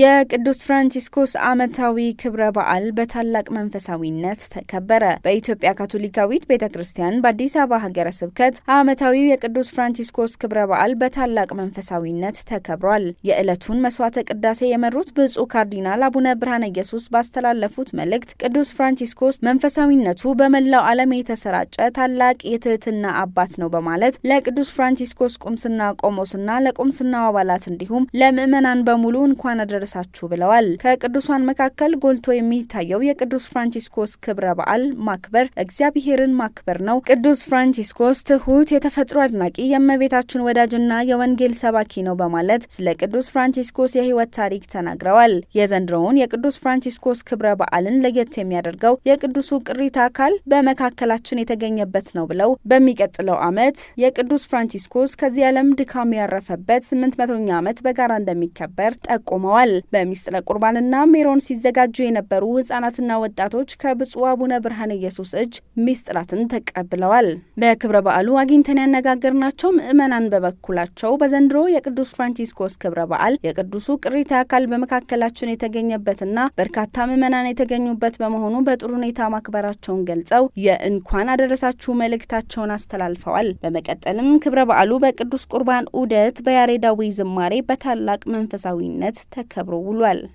የቅዱስ ፍራንቺስኮስ ዓመታዊ ክብረ በዓል በታላቅ መንፈሳዊነት ተከበረ። በኢትዮጵያ ካቶሊካዊት ቤተ ክርስቲያን በአዲስ አበባ ሀገረ ስብከት ዓመታዊው የቅዱስ ፍራንቺስኮስ ክብረ በዓል በታላቅ መንፈሳዊነት ተከብሯል። የዕለቱን መስዋዕተ ቅዳሴ የመሩት ብፁዕ ካርዲናል አቡነ ብርሃነ ኢየሱስ ባስተላለፉት መልእክት ቅዱስ ፍራንቺስኮስ መንፈሳዊነቱ በመላው ዓለም የተሰራጨ ታላቅ የትህትና አባት ነው በማለት ለቅዱስ ፍራንቺስኮስ ቁምስና ቆሞስና ለቁምስናው አባላት እንዲሁም ለምዕመናን በሙሉ እንኳን አደረሳችሁ ብለዋል። ከቅዱሳን መካከል ጎልቶ የሚታየው የቅዱስ ፍራንቺስኮስ ክብረ በዓል ማክበር እግዚአብሔርን ማክበር ነው። ቅዱስ ፍራንቺስኮስ ትሁት፣ የተፈጥሮ አድናቂ፣ የእመቤታችን ወዳጅና የወንጌል ሰባኪ ነው በማለት ስለ ቅዱስ ፍራንቺስኮስ የህይወት ታሪክ ተናግረዋል። የዘንድሮውን የቅዱስ ፍራንቺስኮስ ክብረ በዓልን ለየት የሚያደርገው የቅዱሱ ቅሪተ አካል በመካከላችን የተገኘበት ነው ብለው በሚቀጥለው ዓመት የቅዱስ ፍራንቺስኮስ ከዚህ ዓለም ድካም ያረፈበት ስምንት መቶኛ ዓመት በጋራ እንደሚከበር ጠቁመዋል። ተናግረዋል። በሚስጥረ ቁርባንና ሜሮን ሲዘጋጁ የነበሩ ህጻናትና ወጣቶች ከብፁዕ አቡነ ብርሃነ ኢየሱስ እጅ ሚስጥራትን ተቀብለዋል። በክብረ በዓሉ አግኝተን ያነጋገርናቸው ምዕመናን በበኩላቸው በዘንድሮ የቅዱስ ፍራንቺስኮስ ክብረ በዓል የቅዱሱ ቅሪተ አካል በመካከላችን የተገኘበትና በርካታ ምዕመናን የተገኙበት በመሆኑ በጥሩ ሁኔታ ማክበራቸውን ገልጸው የእንኳን አደረሳችሁ መልእክታቸውን አስተላልፈዋል። በመቀጠልም ክብረ በዓሉ በቅዱስ ቁርባን ዑደት በያሬዳዊ ዝማሬ በታላቅ መንፈሳዊነት ተከ sabrogulual.